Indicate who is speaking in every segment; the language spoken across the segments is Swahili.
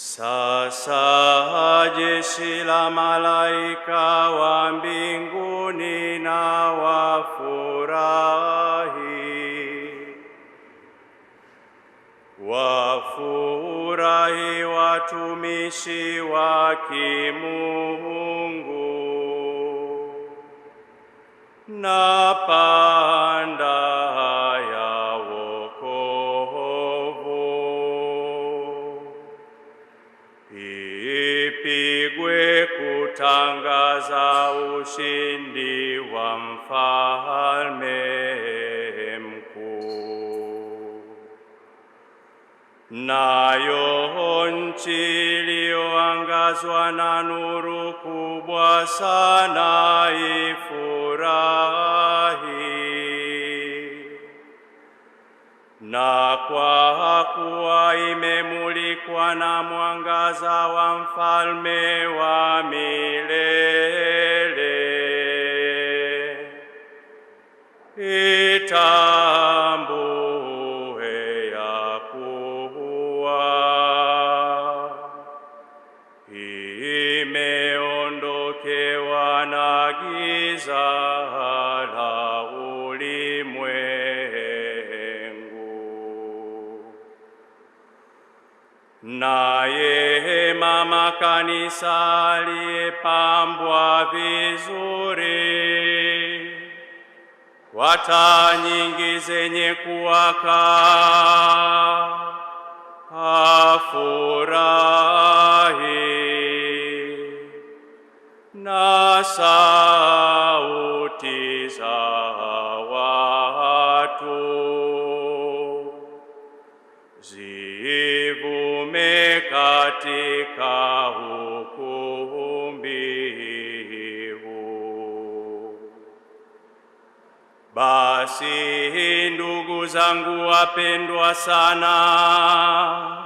Speaker 1: Sasa jeshi la malaika wa mbinguni na wafurahi, wafurahi watumishi wa kimungu na panda ushindi wa mfalme mkuu. Nayo nchi iliyoangazwa na nuru kubwa sana ifurahi, na kwa kuwa imemulikwa na mwangaza wa mfalme wa milele Nitambue ya kuwa imeondokewa na giza la ulimwengu, naye mama kanisa aliyepambwa vizuri kwa taa nyingi zenye kuwaka afurahi na sauti za watu zivume katika Basi ndugu zangu wapendwa sana,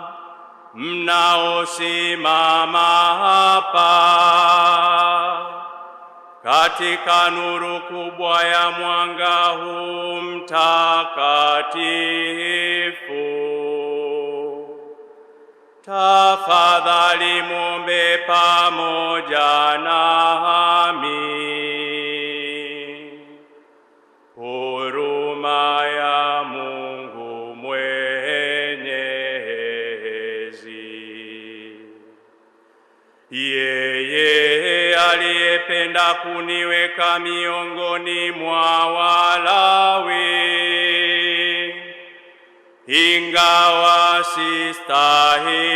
Speaker 1: mnaosimama hapa katika nuru kubwa ya mwanga huu mtakatifu kuwaweka miongoni mwa Walawi, ingawa sistahili,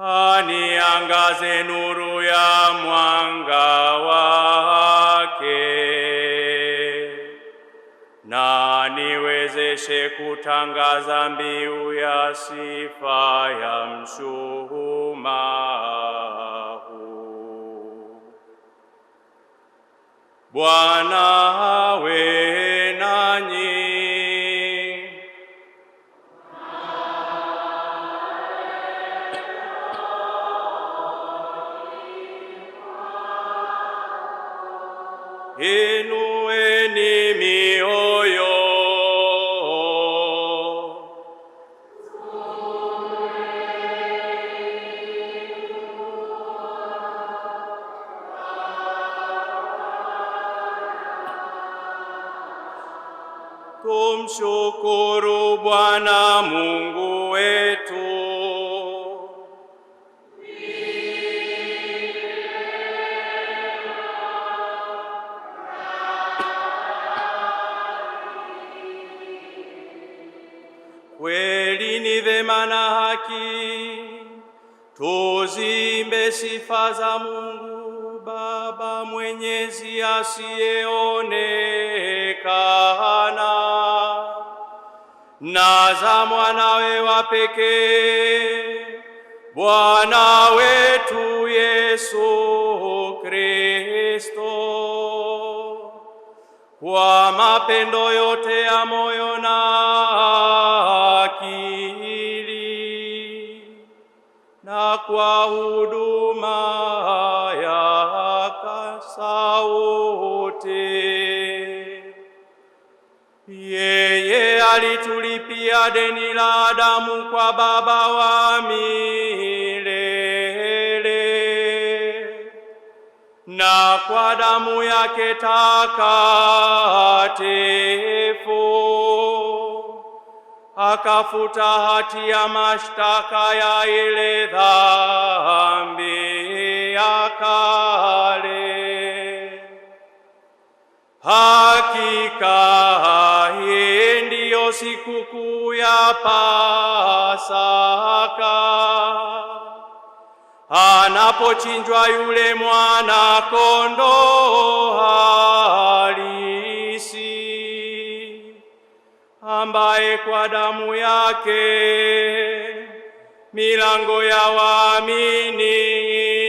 Speaker 1: aniangaze nuru ya mwanga wake na niwezeshe kutangaza mbiu ya sifa ya mshuhuma One. Mshukuru Bwana Mungu wetu. Kweli ni vema na haki tuzimbe sifa za Mungu Baba mwenyezi asiyeonekana na za mwanawe wa pekee Bwana wetu Yesu Kristo, kwa mapendo yote ya moyo na akili na kwa huduma alitulipia deni la Adamu kwa Baba wa milele, na kwa damu yake takatifu akafuta ya mashtaka ya ile dhambi ya kale. Hakika hii sikukuu ya Pasaka, anapochinjwa yule mwana kondoo halisi, ambaye kwa damu yake milango ya waamini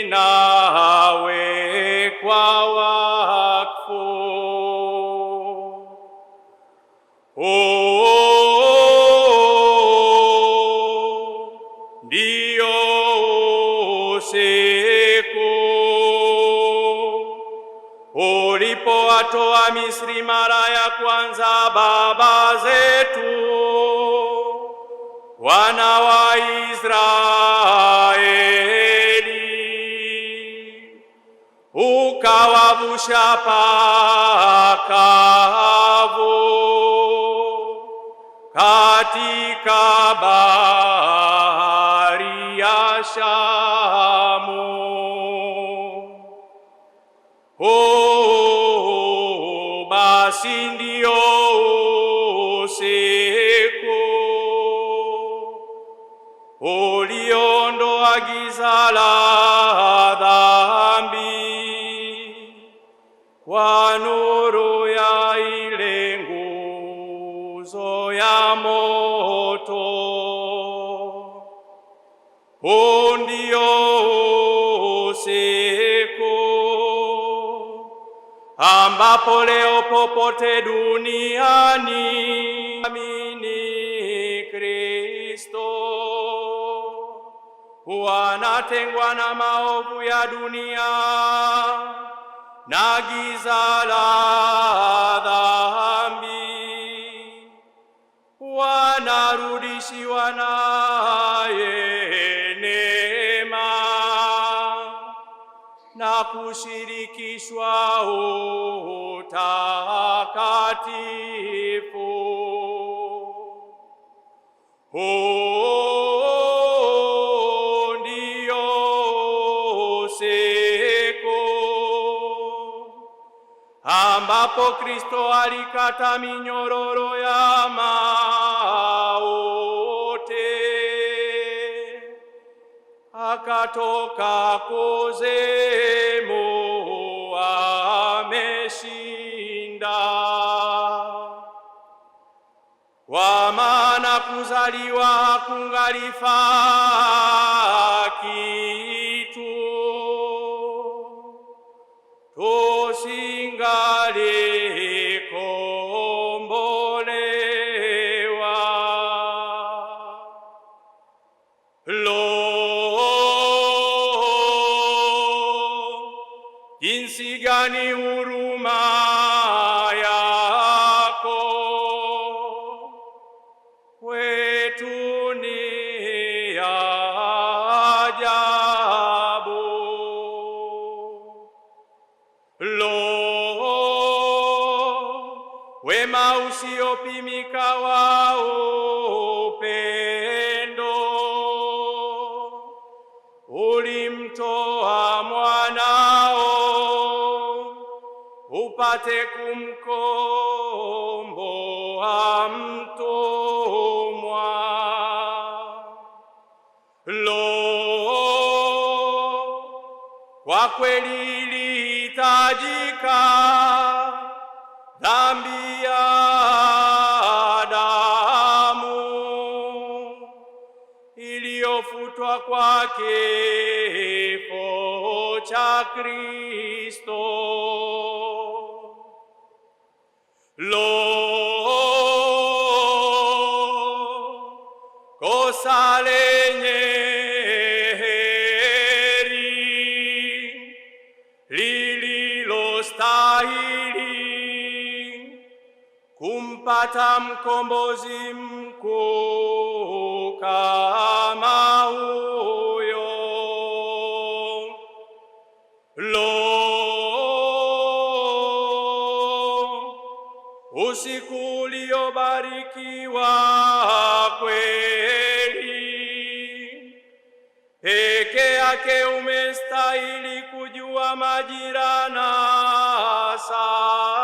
Speaker 1: inawekwa wazi. ulipowatoa Misri mara ya kwanza baba zetu wana wa Israeli, ukawavusha pakavu katika bahari ya Shamu nasi ndio useko uliondoa giza la ambapo leo popote duniani amini Kristo wanatengwa na maovu ya dunia na giza la dhambi, wanarudishiwa naye kushirikishwa utakatifu. Huu ndio usiku ambapo Kristo alikata minyororo ya ma akatoka kuzimu ameshinda, kwa maana kuzaliwa kungalifaa kitu tusingali usiopimika wao upendo ulimtoa mwanao upate kumkomboa mtumwa. Lo, kwa kweli ilihitajika dhambi ya che focia Cristo. Lo cosa legneri lo stai li cum patam combosim cucam yake umestahili kujua majira na saa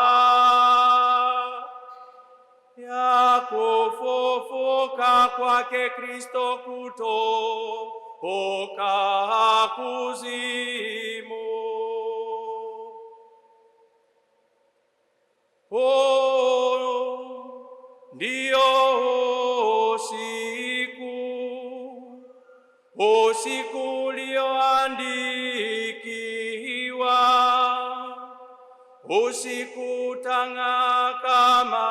Speaker 1: ya kufufuka kwake Kristo kutoka kuzimu. Oh, usiku ulioandikiwa, usiku tang'aa kama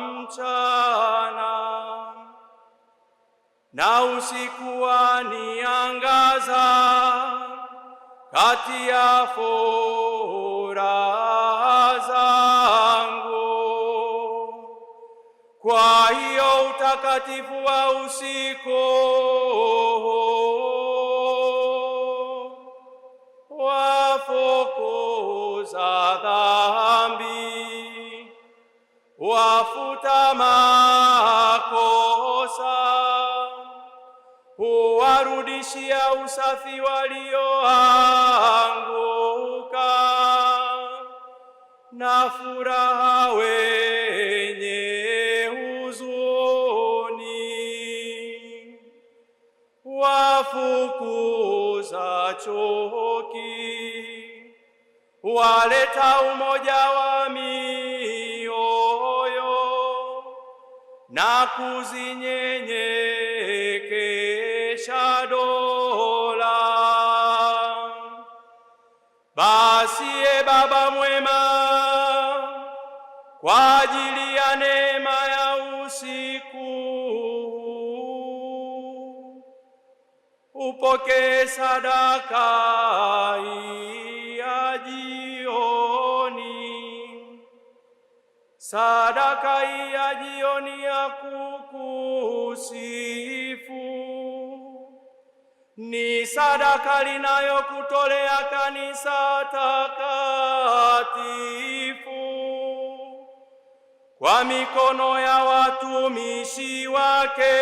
Speaker 1: mchana, na usiku waniangaza kati ya hiyo utakatifu wa usiku wafukuza dhambi, wafuta makosa, huwarudishia usafi walioanguka na furaha we kuuza chuki, waleta umoja wa mioyo na kuzinyenyekesha dola. Basi e Baba mwema, kwa ajili ya Tupokee sadaka ya jioni, sadaka ya jioni ya kukusifu, ni sadaka linayokutolea kanisa takatifu kwa mikono ya watumishi wake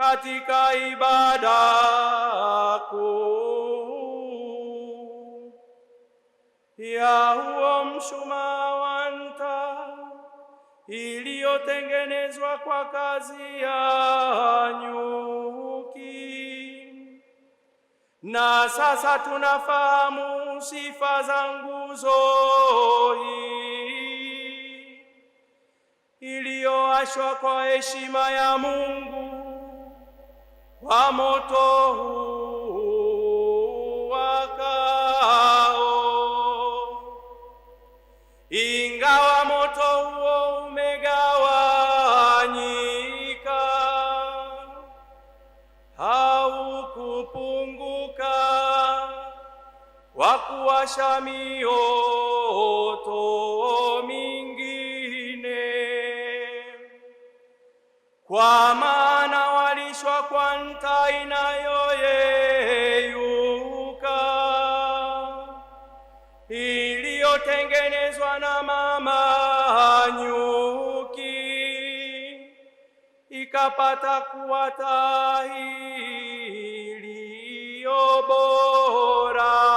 Speaker 1: katika ibada kuu ya huo mshumaa wa nta iliyotengenezwa kwa kazi ya nyuki. Na sasa tunafahamu sifa za nguzo hii iliyoashwa kwa heshima ya Mungu kwa moto wakao, ingawa moto huo umegawanyika, haukupunguka kwa kuwasha mioto mingine kwa kusimamishwa kwa nta inayoyeyuka iliyotengenezwa na mama nyuki ikapata kuwa taa iliyo bora.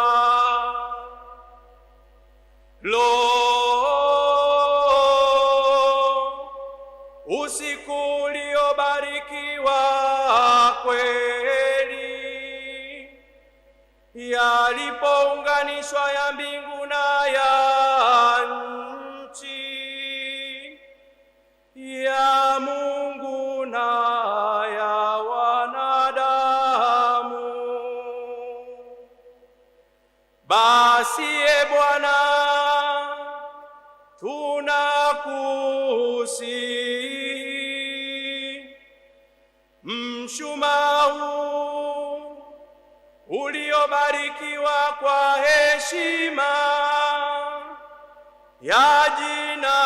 Speaker 1: Bwana tunakusi mshumaa huu uliobarikiwa kwa heshima ya jina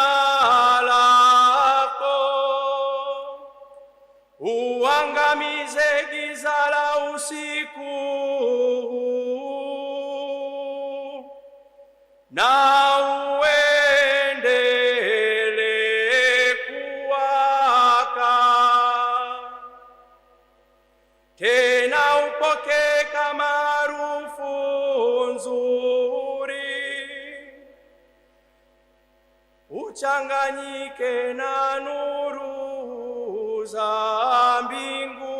Speaker 1: lako uangamize giza la usiku uchanganyike na nuru za mbinguni.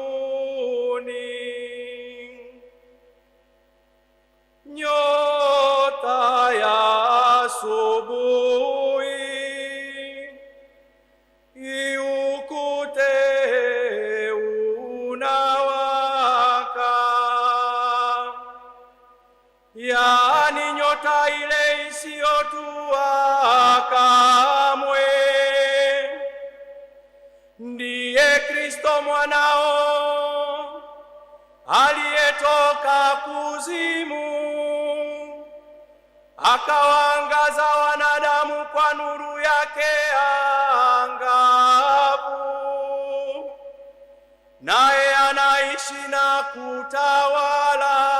Speaker 1: Nyota ya asubuhi iukute unawaka, yani nyota ile isiyo mwanao aliyetoka kuzimu akawaangaza wanadamu kwa nuru yake angavu, naye anaishi na kutawala